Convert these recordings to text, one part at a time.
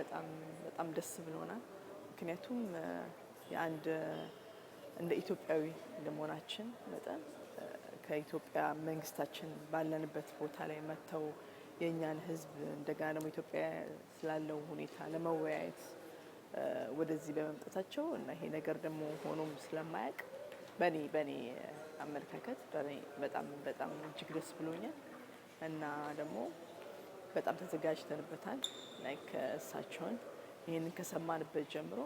በጣም በጣም ደስ ብሎናል። ምክንያቱም የአንድ እንደ ኢትዮጵያዊ እንደመሆናችን መጠን ከኢትዮጵያ መንግስታችን ባለንበት ቦታ ላይ መጥተው የእኛን ህዝብ እንደገና ደግሞ ኢትዮጵያ ስላለው ሁኔታ ለመወያየት ወደዚህ በመምጣታቸው እና ይሄ ነገር ደግሞ ሆኖም ስለማያውቅ በኔ በኔ አመለካከት በጣም በጣም እጅግ ደስ ብሎኛል እና ደግሞ በጣም ተዘጋጅተንበታል። ላይክ እሳቸውን ይህንን ከሰማንበት ጀምሮ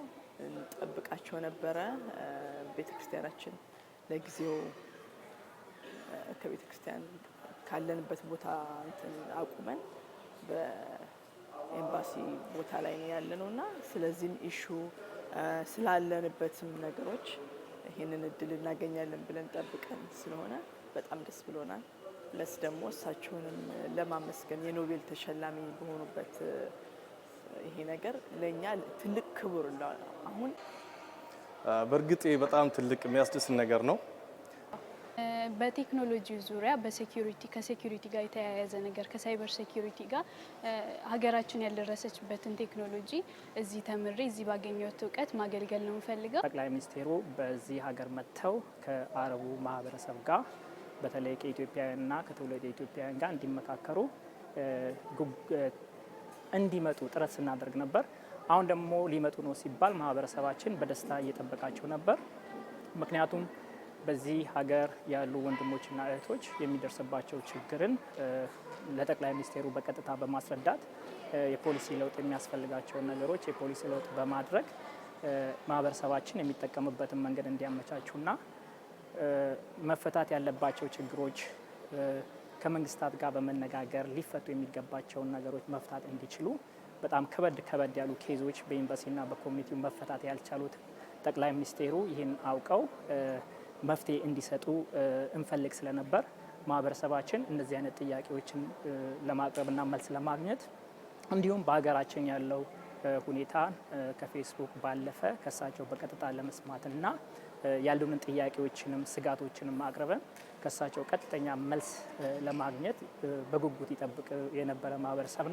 እንጠብቃቸው ነበረ። ቤተክርስቲያናችን ለጊዜው ከቤተክርስቲያን ካለንበት ቦታ እንትን አቁመን በኤምባሲ ቦታ ላይ ነው ያለ ነው እና ስለዚህም ኢሹ ስላለንበትም ነገሮች ይህንን እድል እናገኛለን ብለን ጠብቀን ስለሆነ በጣም ደስ ብሎናል። ፕለስ ደግሞ እሳቸውንም ለማመስገን የኖቤል ተሸላሚ በሆኑበት ይሄ ነገር ለእኛ ትልቅ ክቡር አሁን በእርግጥ በጣም ትልቅ የሚያስደስት ነገር ነው። በቴክኖሎጂ ዙሪያ በሴኩሪቲ ከሴኩሪቲ ጋር የተያያዘ ነገር ከሳይበር ሴኩሪቲ ጋር ሀገራችን ያልደረሰችበትን ቴክኖሎጂ እዚህ ተምሬ እዚህ ባገኘሁት እውቀት ማገልገል ነው የምፈልገው። ጠቅላይ ሚኒስቴሩ በዚህ ሀገር መጥተው ከአረቡ ማህበረሰብ ጋር በተለይ ከኢትዮጵያውያንና ከትውልደ ኢትዮጵያውያን ጋር እንዲመካከሩ እንዲመጡ ጥረት ስናደርግ ነበር። አሁን ደግሞ ሊመጡ ነው ሲባል ማህበረሰባችን በደስታ እየጠበቃቸው ነበር። ምክንያቱም በዚህ ሀገር ያሉ ወንድሞችና እህቶች የሚደርስባቸው ችግርን ለጠቅላይ ሚኒስቴሩ በቀጥታ በማስረዳት የፖሊሲ ለውጥ የሚያስፈልጋቸውን ነገሮች የፖሊሲ ለውጥ በማድረግ ማህበረሰባችን የሚጠቀምበትን መንገድ እንዲያመቻቹና መፈታት ያለባቸው ችግሮች ከመንግስታት ጋር በመነጋገር ሊፈቱ የሚገባቸውን ነገሮች መፍታት እንዲችሉ በጣም ከበድ ከበድ ያሉ ኬዞች በኤምባሲና በኮሚኒቲው መፈታት ያልቻሉት ጠቅላይ ሚኒስቴሩ ይህን አውቀው መፍትሄ እንዲሰጡ እንፈልግ ስለነበር ማህበረሰባችን እነዚህ አይነት ጥያቄዎችን ለማቅረብና መልስ ለማግኘት እንዲሁም በሀገራችን ያለው ሁኔታ ከፌስቡክ ባለፈ ከሳቸው በቀጥታ ለመስማትና ያሉንን ጥያቄዎችንም ስጋቶችንም አቅርበን ከሳቸው ቀጥተኛ መልስ ለማግኘት በጉጉት ይጠብቅ የነበረ ማህበረሰብ ነው።